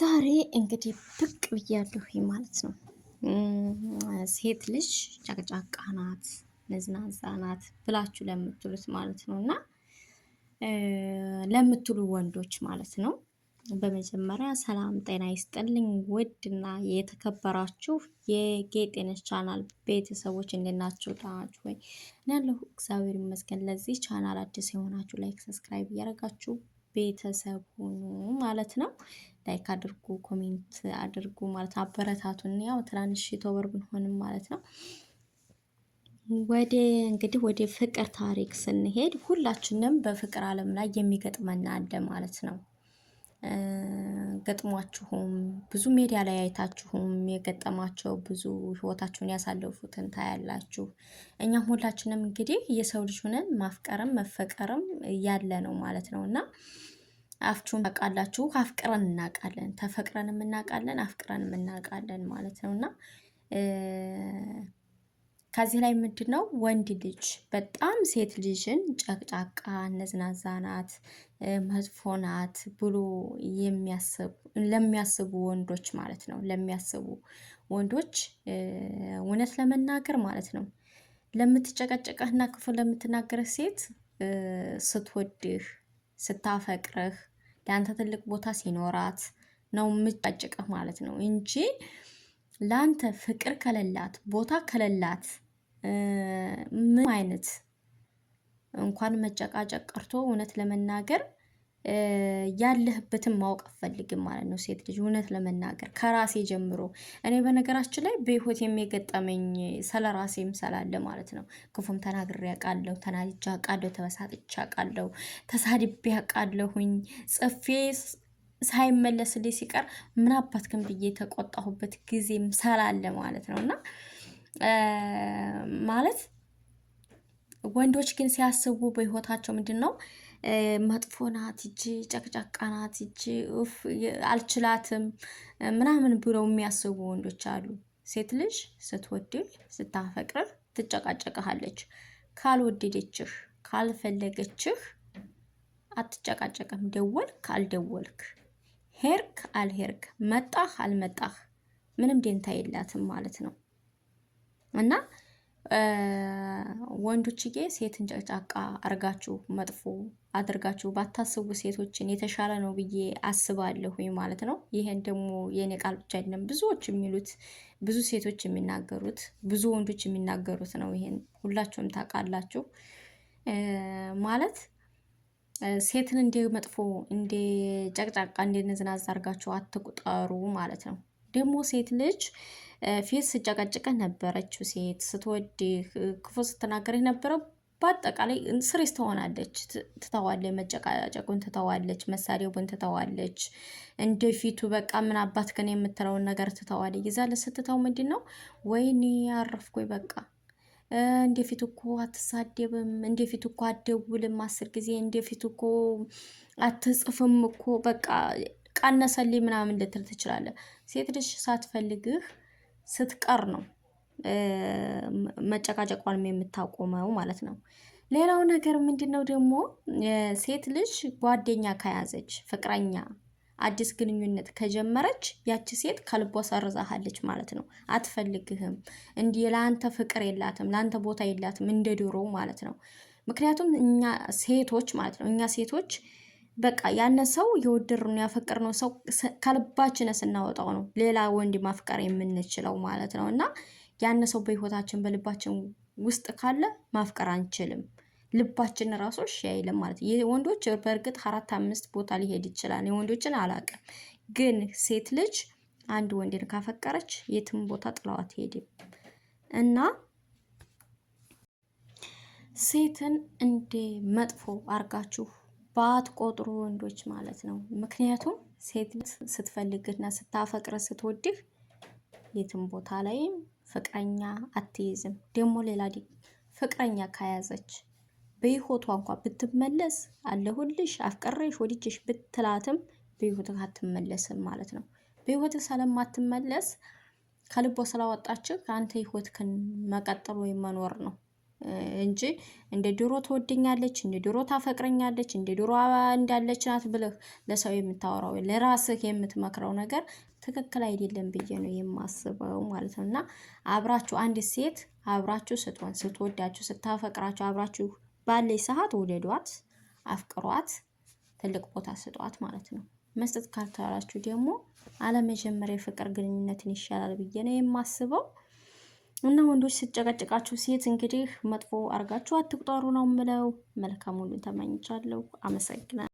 ዛሬ እንግዲህ ብቅ ብያለሁ ማለት ነው። ሴት ልጅ ጫቅጫቃ ናት፣ ነዝናዛ ናት ብላችሁ ለምትሉት ማለት ነው እና ለምትሉ ወንዶች ማለት ነው። በመጀመሪያ ሰላም ጤና ይስጥልኝ ውድና የተከበራችሁ የጌጤነሽ ቻናል ቤተሰቦች እንዴት ናችሁ? ጣናችሁ ወይ ናለሁ። እግዚአብሔር ይመስገን። ለዚህ ቻናል አዲስ የሆናችሁ ላይክ፣ ሰብስክራይብ እያደረጋችሁ ቤተሰብ ሁኑ ማለት ነው። ላይክ አድርጉ፣ ኮሜንት አድርጉ ማለት ነው። አበረታቱን። ያው ትናንሽ ቶበር ብንሆንም ማለት ነው። ወደ እንግዲህ ወደ ፍቅር ታሪክ ስንሄድ ሁላችንም በፍቅር ዓለም ላይ የሚገጥመን አለ ማለት ነው። ገጥሟችሁም ብዙ ሜዲያ ላይ አይታችሁም የገጠማቸው ብዙ ህይወታችሁን ያሳለፉትን ታያላችሁ። እኛም ሁላችንም እንግዲህ የሰው ልጅ ሆነን ማፍቀርም መፈቀርም ያለ ነው ማለት ነው እና አፍችሁን ታውቃላችሁ። አፍቅረን እናውቃለን፣ ተፈቅረንም እናውቃለን፣ አፍቅረንም እናውቃለን ማለት ነው እና ከዚህ ላይ ምንድን ነው ወንድ ልጅ በጣም ሴት ልጅን ጨቅጫቃ፣ ነዝናዛ ናት፣ መጥፎ ናት ብሎ ለሚያስቡ ወንዶች ማለት ነው ለሚያስቡ ወንዶች እውነት ለመናገር ማለት ነው ለምትጨቀጨቀህና ክፉ ለምትናገረህ ሴት ስትወድህ ስታፈቅርህ ለአንተ ትልቅ ቦታ ሲኖራት ነው የምጫጭቅህ ማለት ነው እንጂ ለአንተ ፍቅር ከሌላት ቦታ ከሌላት ምን አይነት እንኳን መጨቃጨቅ ቀርቶ እውነት ለመናገር ያለህበትን ማወቅ አፈልግም ማለት ነው። ሴት ልጅ እውነት ለመናገር ከራሴ ጀምሮ እኔ በነገራችን ላይ በህይወት የሚገጠመኝ ስለ ራሴም ስላለ ማለት ነው። ክፉም ተናግሬ አውቃለሁ፣ ተናድጄ አውቃለሁ፣ ተበሳጥቼ አውቃለሁ፣ ተሳድቤ አውቃለሁኝ ጽፌ ሳይመለስልኝ ሲቀር ምናባት አባትክን ብዬ የተቆጣሁበት ጊዜም ስላለ ማለት ነው እና ማለት ወንዶች ግን ሲያስቡ በህይወታቸው ምንድን ነው መጥፎ ናት ይቺ ጨቅጫቃ ናት ይቺ አልችላትም ምናምን ብለው የሚያስቡ ወንዶች አሉ። ሴት ልጅ ስትወድህ ስታፈቅርህ ትጨቃጨቅሃለች። ካልወደደችህ ካልፈለገችህ አትጨቃጨቅም። ደወልክ አልደወልክ፣ ሄርክ አልሄርክ፣ መጣህ አልመጣህ ምንም ደንታ የላትም ማለት ነው እና ወንዶችዬ ሴትን ጨቅጫቃ አርጋችሁ መጥፎ አድርጋችሁ ባታስቡ ሴቶችን የተሻለ ነው ብዬ አስባለሁ ማለት ነው። ይህን ደግሞ የእኔ ቃል ብቻ አይደለም፣ ብዙዎች የሚሉት ብዙ ሴቶች የሚናገሩት ብዙ ወንዶች የሚናገሩት ነው። ይሄን ሁላችሁም ታውቃላችሁ ማለት ሴትን እንደ መጥፎ እንደ ጨቅጫቃ እንደ አርጋችሁ አትቁጠሩ ማለት ነው። ደግሞ ሴት ልጅ ፊት ስጨቀጭቀህ ነበረችው፣ ሴት ስትወድህ ክፉ ስትናገርህ ነበረው። በአጠቃላይ ስሬስ ትሆናለች፣ ትተዋለች፣ መጨቃጨቁን ትተዋለች፣ መሳደቡን ትተዋለች። እንደፊቱ በቃ ምን አባት ግን የምትለውን ነገር ትተዋለች። ይዛለች ስትተው ምንድን ነው ወይኔ አረፍኩኝ በቃ እንደፊቱ እኮ አትሳደብም፣ እንደፊቱ እኮ አትደውልም አስር ጊዜ እንደፊቱ እኮ አትጽፍም እኮ በቃ ቀነሰልኝ ምናምን ልትል ትችላለህ። ሴት ልጅ ሳትፈልግህ ስትቀር ነው መጨቃጨቋንም የምታቆመው ማለት ነው። ሌላው ነገር ምንድን ነው ደግሞ ሴት ልጅ ጓደኛ ከያዘች፣ ፍቅረኛ፣ አዲስ ግንኙነት ከጀመረች ያቺ ሴት ከልቧ ሰርዛሃለች ማለት ነው። አትፈልግህም። እንዲህ ለአንተ ፍቅር የላትም፣ ለአንተ ቦታ የላትም እንደ ድሮ ማለት ነው። ምክንያቱም እኛ ሴቶች ማለት ነው እኛ ሴቶች በቃ ያነ ሰው የወደድነው ያፈቀርነው ሰው ከልባችን ስናወጣው ነው ሌላ ወንድ ማፍቀር የምንችለው ማለት ነው። እና ያነ ሰው በህይወታችን በልባችን ውስጥ ካለ ማፍቀር አንችልም። ልባችን ራሱ እሺ አይልም ማለት ይህ በእርግጥ አራት አምስት ቦታ ሊሄድ ይችላል። የወንዶችን አላውቅም፣ ግን ሴት ልጅ አንድ ወንድን ካፈቀረች የትም ቦታ ጥላው አትሄድም እና ሴትን እንደ መጥፎ አርጋችሁ ባትቆጥሩ ወንዶች ማለት ነው። ምክንያቱም ሴት ስትፈልግህና ስታፈቅረ ስትወድህ የትም ቦታ ላይም ፍቅረኛ አትይዝም። ደግሞ ሌላ ፍቅረኛ ከያዘች በይሆቷ እንኳ ብትመለስ አለሁልሽ አፍቀረሽ፣ ወድጅሽ ብትላትም በይሆትህ አትመለስም ማለት ነው። በይሆትህ ስለማትመለስ ከልቦ ስላወጣችህ አንተ ይሆትህን መቀጠል ወይም መኖር ነው። እንጂ እንደ ድሮ ትወደኛለች፣ እንደ ድሮ ታፈቅረኛለች፣ እንደ ድሮ እንዳለች ናት ብለህ ለሰው የምታወራው ለራስህ የምትመክረው ነገር ትክክል አይደለም ብዬ ነው የማስበው ማለት ነው። እና አብራችሁ አንድ ሴት አብራችሁ ስትሆን ስትወዳችሁ ስታፈቅራችሁ አብራችሁ ባለች ሰዓት ውደዷት፣ አፍቅሯት፣ ትልቅ ቦታ ስጧት ማለት ነው። መስጠት ካልቻላችሁ ደግሞ አለመጀመሪያ የፍቅር ግንኙነትን ይሻላል ብዬ ነው የማስበው። እና ወንዶች ስጨቀጭቃችሁ ሴት እንግዲህ መጥፎ አርጋችሁ አትቁጠሩ ነው ምለው። መልካም ሁሉን ተመኝቻለሁ። አመሰግናለሁ።